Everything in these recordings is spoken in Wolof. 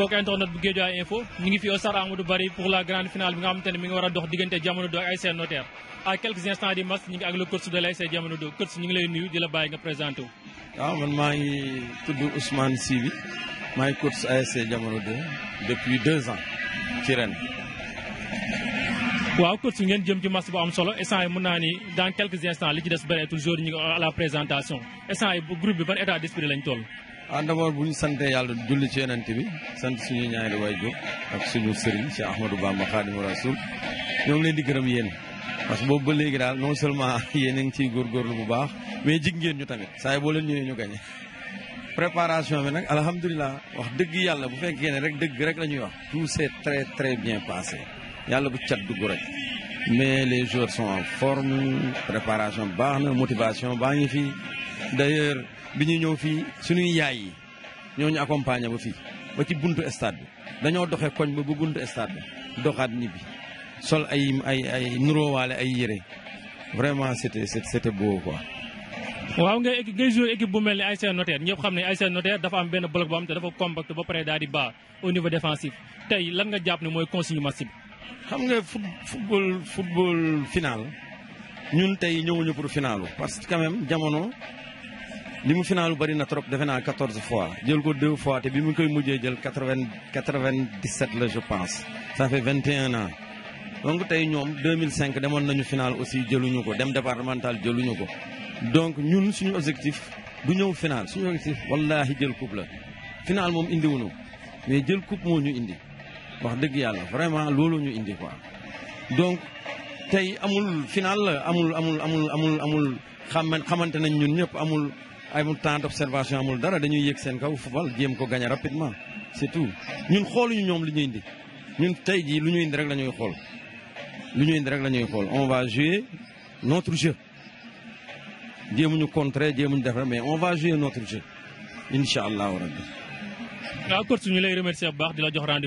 mbokk internet bu Guédiawaye info ñu ngi fi au stade Amadou Barry pour la grande finale bi nga diganti ne mi ngi war dox jamono do Notaire à quelques instants di match ñu ngi ak le coach de l'ASC jamono do coach ñu ngi lay nuyu di la bàyyi nga présenté wu waaw man maa ngi tudd Ousmane Sibi maa ngi coach ASC jamono do depuis deux ans ci ren waaw coach ngeen jëm ci match bu am solo instant mën ni dans quelques instants li ci des bëreetul jour ñu à la présentation instant yi groupe bi ban état d'esprit lañ toll ah d'abord bu ñu sante yàlla julli ci yonent bi sant suñu ñaari waajur ak suñu sëriñ si Ahmadou Bamba Khadimu Rasul ñoo ngi leen di gërëm yéen parce que boobu ba léegi daal non seulement yéen a ngi ciy góorgóorlu bu baax mais jig ngeen ñu tamit saa yi boo leen ñëwee ñu gañe préparation bi nag alhamdulilah wax dëgg yàlla bu fekkee ne rek dëgg rek la ñuy wax tout s'est très très bien passé yàlla bu cat dugg rek mais les joueurs sont en forme préparation baax na motivation baa ngi fi d'ailleurs bi ñu ñëw fii suñuy yaay yi ñoo ñu accompagné ba fii ba ci buntu stade bi dañoo doxee koñ ba ba buntu stade bi doxaat ñibbi sol ay ay ay nuróowaale ay yére vraiment c'était c'était beau quoi. waaw ngay ngay joué équipe bu mel ni ASC Notaire ñëpp xam ay ASC Notaire dafa am benn bloc boo xam te dafa compact ba pare daal di baax au niveau défensif tey lan nga jàpp ne mooy consigne match xam nga football football final ñun tey ñëwuñu pour finalu parce que jamono. li final bari na trop fois ko deux fois koy je pense. ça fait 21 ans donc tay ñom 2005 demon nañu final aussi djeluñu ko dem départemental ko donc ñun suñu objectif du final suñu objectif coupe la. final mais coupe ñu vraiment ñu indi donc amul final amul amul amul amul amul amul. Il temps d'observation amul dara dañuy yëg seen kaw football rapidement c'est tout Nous on va jouer notre jeu on va jouer notre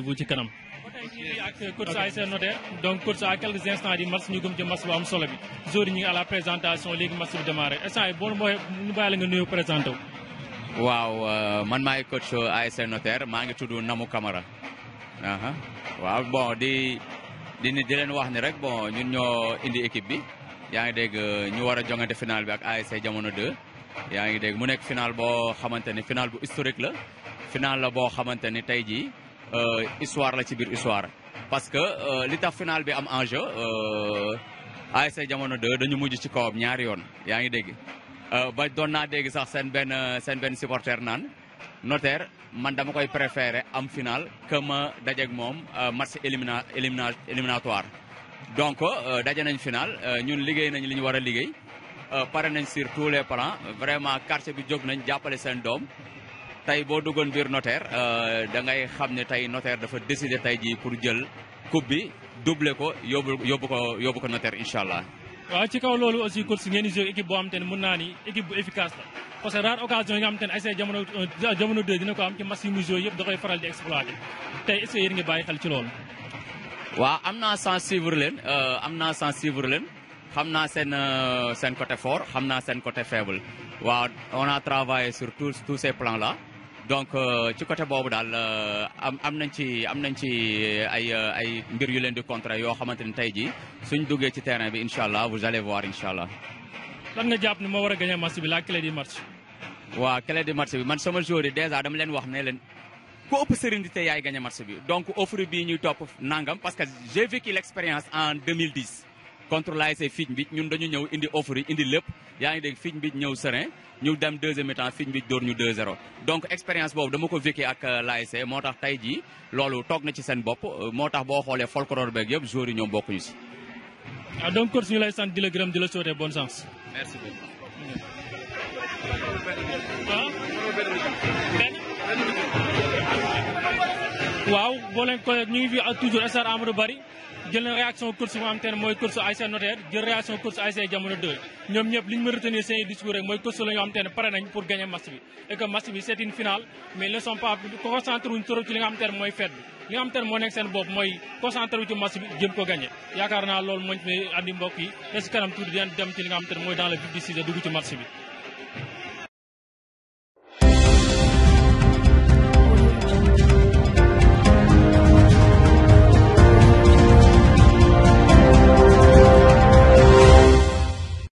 jeu ak course ASC Notaire donc course à quelques instants ngi à la présentation léegi match bi démarré euh, maa ngi tudd Namou Camara waaw bon di di ni di leen wax ni rek bon ñun ñoo indi équipe bi yaa ngi dégg ñu war a jongante final bi ak ASC jamono 2 yaa ngi dégg mu nekk final boo xamante ni bu historique la final la boo xamante tey jii Euh, histoire la ci biir histoire parce que euh, li tax final bi am enjeu euh, ASC Jamono de dañu mujj ci kawam ñaari yoon yaa ngi dégg ba doon na dégg sax seen benn seen benn supporter naan notaire man dama koy préféré am final que ma dajeeg moom match élimina éliminatoire donc daje nañ final ñun liggéey nañ li ñu war a liggéey pare nañ sur tous les plans vraiment quartier bi jóg nañ jàppale seen doom tey boo duggoon biir notaire euh, da ngay xam ne tey notaire dafa décider tey jii pour jël coupe bi doublé ko yóbbu yóbbu ko yóbbu ko notaire incha allah. waaw ci kaw loolu aussi coach ngeen di joué équipe boo xam te ne mën naa ni équipe bu efficace la parce que rare occasion yi nga xam te ne ASC jamono euh, jamono 2 dina ko am ci match yi muy joué yëpp da koy faral di exploité tey est-ce que ngi bàyyi xel ci loolu. waaw am naa sens suivre leen euh, am naa sens suivre leen xam naa seen seen côté fort xam naa seen côté faible waaw on a travaillé sur donc euh, ci côté boobu daal euh, am am nañ ci am nañ ci euh, ay ay mbir yu leen di contrer yoo xamante ni tey jii suñ duggee ci terrain bi incha allah vous allez voir incha allah. lan nga jàpp ni moo war a gagné match bi la clé du match. waaw clé du match bi man sama joueur yi dèjà dama leen wax nee leen ku ëpp sérénité yaay gagné match bi donc offre bi ñuy topp nangam parce que j'ai vécu l' expérience en 2010. contre l'ASC Fitch Mbicq ñun dañu ñëw indi offre indi lépp yaa ngi dégg Fitch Mbicq ñëw serein ñu dem deuxième mi-temps Fitch Mbicq dóor ñu 2-0 donc expérience boobu dama ko vécu ak euh, l'ASC moo tax tey ji loolu toog na ci seen bopp euh, moo tax boo xoolee folklore beeg yëpp joueurs yi ñoom bokkuñu si. ah donc coach ñu lay sant di la gërëm di la souhaiter bonne chance. merci beaucoup. Ah? waaw boo leen ko ñu ngi fi toujours Stade Amadou Barry. jël na réaction course bu am te ne mooy course ASC Notaire jël réaction course ASC Jamono 2 ñoom ñëpp li ñu ma retenir seen discours rek mooy course la am te pare nañ pour gagner match bi et que bi c'est une finale mais ils ne sont ci li nga xam te mooy fête bi li nga xam te moo nekk seen bopp mooy concentré ci match bi jëm ko gagner yaakaar naa loolu mooñ fi andi mbokk yi te si kanam tuuti dinañ dem ci li nga xam te